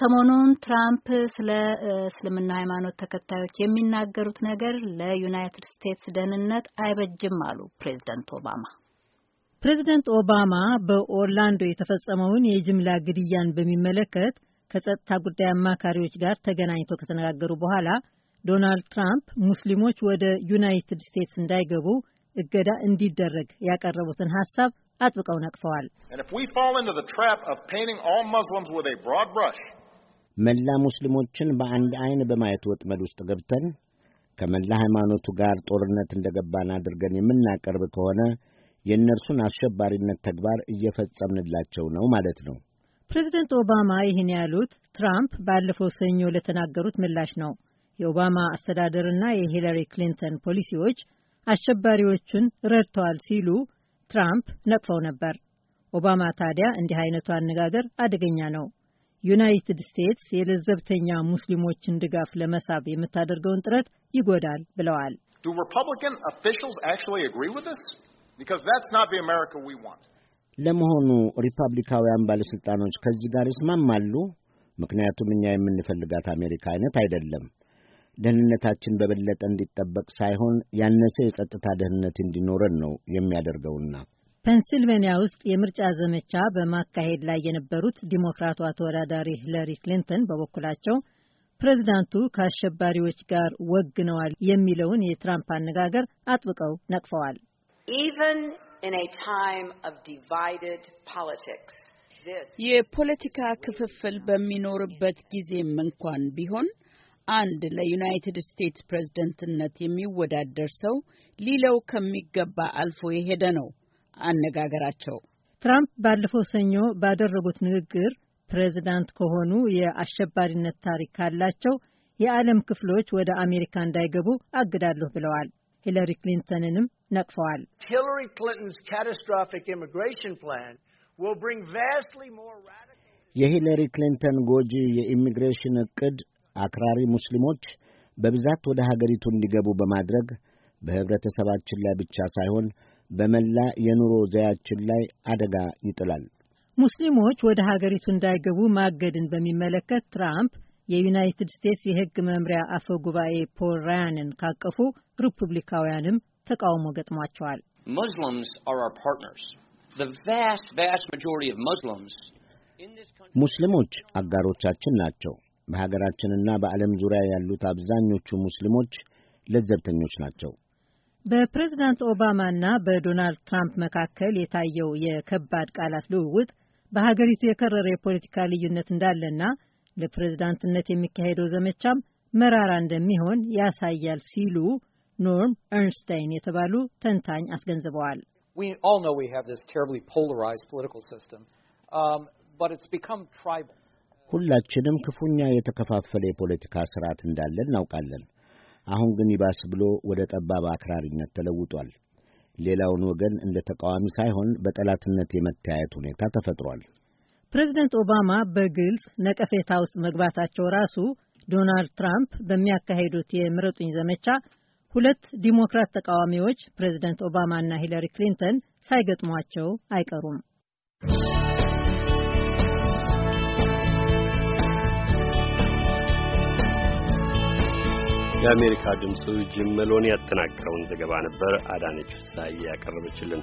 ሰሞኑን ትራምፕ ስለ እስልምና ሃይማኖት ተከታዮች የሚናገሩት ነገር ለዩናይትድ ስቴትስ ደህንነት አይበጅም አሉ ፕሬዝደንት ኦባማ። ፕሬዝደንት ኦባማ በኦርላንዶ የተፈጸመውን የጅምላ ግድያን በሚመለከት ከጸጥታ ጉዳይ አማካሪዎች ጋር ተገናኝቶ ከተነጋገሩ በኋላ ዶናልድ ትራምፕ ሙስሊሞች ወደ ዩናይትድ ስቴትስ እንዳይገቡ እገዳ እንዲደረግ ያቀረቡትን ሀሳብ አጥብቀው ነቅፈዋል። መላ ሙስሊሞችን በአንድ ዐይን በማየት ወጥመድ ውስጥ ገብተን ከመላ ሃይማኖቱ ጋር ጦርነት እንደገባን አድርገን የምናቀርብ ከሆነ የእነርሱን አሸባሪነት ተግባር እየፈጸምንላቸው ነው ማለት ነው። ፕሬዚደንት ኦባማ ይህን ያሉት ትራምፕ ባለፈው ሰኞ ለተናገሩት ምላሽ ነው። የኦባማ አስተዳደርና የሂለሪ ክሊንተን ፖሊሲዎች አሸባሪዎቹን ረድተዋል ሲሉ ትራምፕ ነቅፈው ነበር። ኦባማ ታዲያ እንዲህ አይነቱ አነጋገር አደገኛ ነው ዩናይትድ ስቴትስ የለዘብተኛ ሙስሊሞችን ድጋፍ ለመሳብ የምታደርገውን ጥረት ይጎዳል ብለዋል። ለመሆኑ ሪፐብሊካውያን ባለሥልጣኖች ከዚህ ጋር ይስማማሉ? ምክንያቱም እኛ የምንፈልጋት አሜሪካ አይነት አይደለም። ደህንነታችን በበለጠ እንዲጠበቅ ሳይሆን ያነሰ የጸጥታ ደህንነት እንዲኖረን ነው የሚያደርገውና ፐንስልቬንያ ውስጥ የምርጫ ዘመቻ በማካሄድ ላይ የነበሩት ዲሞክራቷ ተወዳዳሪ ሂለሪ ክሊንተን በበኩላቸው ፕሬዚዳንቱ ከአሸባሪዎች ጋር ወግነዋል የሚለውን የትራምፕ አነጋገር አጥብቀው ነቅፈዋል። የፖለቲካ ክፍፍል በሚኖርበት ጊዜም እንኳን ቢሆን አንድ ለዩናይትድ ስቴትስ ፕሬዝደንትነት የሚወዳደር ሰው ሊለው ከሚገባ አልፎ የሄደ ነው አነጋገራቸው። ትራምፕ ባለፈው ሰኞ ባደረጉት ንግግር ፕሬዚዳንት ከሆኑ የአሸባሪነት ታሪክ ካላቸው የዓለም ክፍሎች ወደ አሜሪካ እንዳይገቡ አግዳለሁ ብለዋል። ሂለሪ ክሊንተንንም ነቅፈዋል። የሂለሪ ክሊንተን ጎጂ የኢሚግሬሽን ዕቅድ አክራሪ ሙስሊሞች በብዛት ወደ ሀገሪቱ እንዲገቡ በማድረግ በኅብረተሰባችን ላይ ብቻ ሳይሆን በመላ የኑሮ ዘያችን ላይ አደጋ ይጥላል። ሙስሊሞች ወደ ሀገሪቱ እንዳይገቡ ማገድን በሚመለከት ትራምፕ የዩናይትድ ስቴትስ የሕግ መምሪያ አፈ ጉባኤ ፖል ራያንን ካቀፉ ሪፑብሊካውያንም ተቃውሞ ገጥሟቸዋል። ሙስሊሞች አጋሮቻችን ናቸው። በሀገራችንና በዓለም ዙሪያ ያሉት አብዛኞቹ ሙስሊሞች ለዘብተኞች ናቸው። በፕሬዝዳንት ኦባማና በዶናልድ ትራምፕ መካከል የታየው የከባድ ቃላት ልውውጥ በሀገሪቱ የከረረ የፖለቲካ ልዩነት እንዳለና ለፕሬዝዳንትነት የሚካሄደው ዘመቻም መራራ እንደሚሆን ያሳያል ሲሉ ኖርም ኤርንስታይን የተባሉ ተንታኝ አስገንዝበዋል። um, ሁላችንም ክፉኛ የተከፋፈለ የፖለቲካ ስርዓት እንዳለ እናውቃለን። አሁን ግን ይባስ ብሎ ወደ ጠባብ አክራሪነት ተለውጧል። ሌላውን ወገን እንደ ተቃዋሚ ሳይሆን በጠላትነት የመተያየት ሁኔታ ተፈጥሯል። ፕሬዚደንት ኦባማ በግልጽ ነቀፌታ ውስጥ መግባታቸው ራሱ ዶናልድ ትራምፕ በሚያካሂዱት የምረጡኝ ዘመቻ ሁለት ዲሞክራት ተቃዋሚዎች ፕሬዚደንት እና ሂለሪ ክሊንተን ሳይገጥሟቸው አይቀሩም። የአሜሪካ ድምፅ ጅም መሎን ያጠናቀረውን ዘገባ ነበር አዳነች ሳይ ያቀረበችልን።